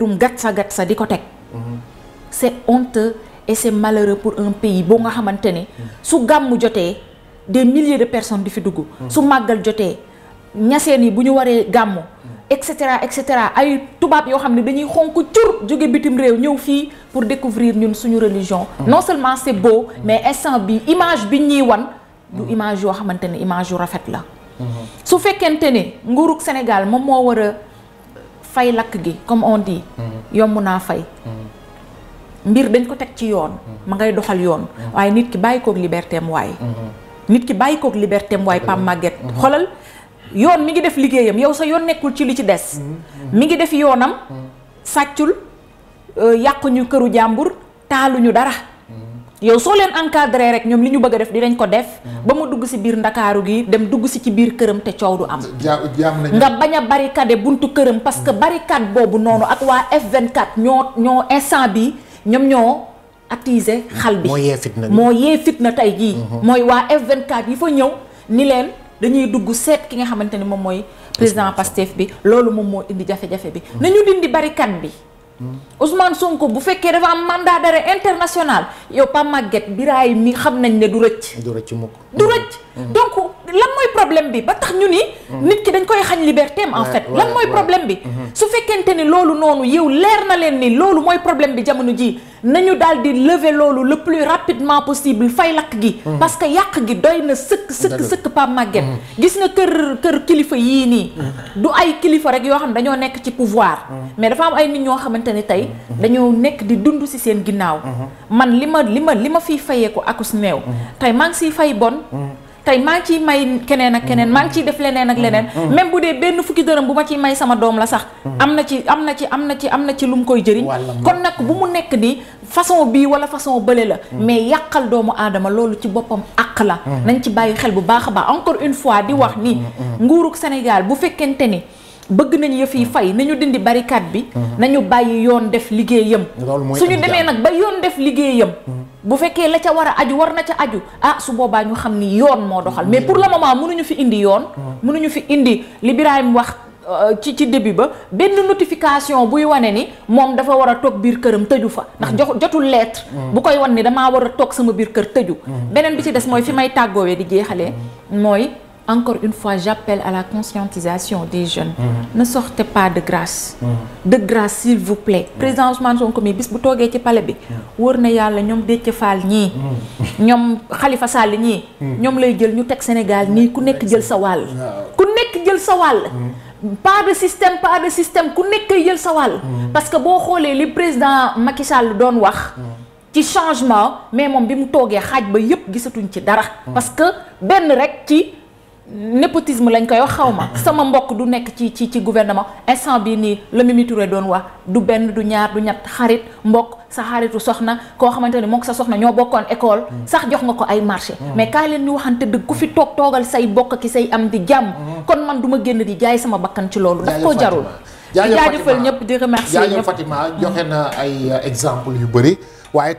mbirum gatsa sa di ko teg c'est honteux et c'est malheureux pour un pays boo nga xamante ne su gàmmu jotee des milliers de personnes di fi dugg su màggal jotee ñaseen yi bu ñu waree gàmmu et cetera et cetera ay tubaab yoo xam ne dañuy xonk cur jóge bitim réew ñëw fii pour découvrir ñun suñu religion non seulement c'est beau mais instant bi image bi ñuy wan du image yoo xamante ne image yu rafet la su fekkente ne nguurug Sénégal moom moo war fay lakk gi comme on dit. Mm-hmm. yomb naa fay. Mm-hmm. mbir dañ ko teg ci yoon. Mm-hmm. ma ngay doxal yoon. waaye nit ki bàyyi koog liberté waay. nit ki bàyyi koog liberté am waay Pape yoon mi ngi def liggéeyam yow sax yoon nekkul ci li ci des. mi ngi def yoonam. sàccul euh, yàquñu këru jàmbur taaluñu dara. yow soo leen encadré rek ñoom li ñu bëgg a def dinañ ko def. Mm-hmm. ba mu dugg si biir ndakaaru gi dem dugg si ci biir këram te coow du am. nga bañ a barricade buntu këram parce que mm-hmm. barricade boobu noonu ak waa F24 ñoo ñoo instant bi ñoom ñoo attiser xal bi. moo yee fitna moo yee fitna tey jii. Mm-hmm. mooy waa F24 yi fa ñëw ni leen dañuy dugg seet ki nga xamante ni moom mooy président Pastef bi loolu moom moo indi jafe-jafe bi. nañu dindi barricade bi. Ousmane Sonko bu fekkee dafa am mandat d'arrêt international yow Pa bi Biraay mi xam nañ ne du rëcc. du rëcc mukk du rëcc. Mm-hmm. problème bi ba tax ñu ni. Mm-hmm. nit ki dañ koy xañ liberté am en fait lan mooy problème bi. Mm-hmm. su fekkente ni loolu noonu yow leer na leen ni loolu mooy problème bi jamono ji nañu daal di lever loolu le plus rapidement possible fay lakk gi. Mm-hmm. parce que yàq gi doy na sëkk sëkk sëkk pa màgget. gis na kër kër kilifa yii nii. du ay kilifa rek yoo xam ne dañoo nekk ci pouvoir. mais dafa am ay nit ñoo xamante ni tey dañoo nekk di dund si seen ginnaaw. man li ma li ma li ma fiy fayeeku akus néew. tey maa ngi siy fay bon. tey maa ngi ciy may keneen ak keneen maa ngi ciy def leneen ak mm-hmm. leneen mm-hmm. même bu dee benn fukki dërëm bu ma ciy may sama doom la sax mm-hmm. am na ci am na ci am na ci am na ci lu koy jëriñ kon nag bu mu nekk di façon bii wala façon bële la mais yàqal doomu aadama loolu ci boppam àq la nañ ci bàyyi xel bu baax a baax encore une fois di wax nii nguurug Sénégal bu fekkente ni bëgg nañu yëf yi mm. fay nañu dindi barricade bi. Mm-hmm. nañu bàyyi yoon def liggéeyam. suñu demee nag ba yoon def liggéeyam. Mm-hmm. bu fekkee la ca war a aju war na ca aju ah su boobaa ñu xam ni yoon moo doxal mais pour la le mm-hmm. moment mënuñu fi indi yoon. mënuñu fi indi li Birahim wax. Euh, ci ci début ba benn notification buy wane ni moom dafa war a toog biir këram tëju fa ndax jox jotul lettre bu koy wan ni damaa war a toog sama biir kër tëju beneen bi ci des mooy fi may tàggoowee di jeexalee mooy encore une fois j'appelle à la conscientisation des jeunes mmh. ne sortez pas de grace mhm. de grâce s'il vous plaît mhm. président Ousmane Sonko mi bis bu toogee ci pale bi mhm. wóor na yàlla ñoom Déthié Fall ñii ñoom xalifa Sall ñii ñoom lay jël ñu teg Sénégal nii ku nekk jël sa wàll ku nekk jël sa wàll pas de système pas de système ku nekk jël sa wàll parce que boo xoolee li président Macky Sall doon wax ci changement mais moom bi mu toogee xaaj ba yépp gisatuñ ci dara parce népotisme lañ koy wax xaw ma sama mbokk du nekk ci ci ci gouvernement instant bi nii la Mimi Touré doon wax du benn du ñaar du ñett xarit mbokk sa xaritu soxna koo xamante ne mook sa soxna ñoo bokkoon école mm. sax jox nga ko ay marché mm. mais kaay leen ñu waxante dëgg ku fi toog toogal say bokk ki say am di jàmm mm. kon man du ma génn di jaay sama bakkan ci loolu daf koo jarul jaajëfal ñëpp di remercier ñëpp Fatima joxe na ay euh, exemple yu bëri waaye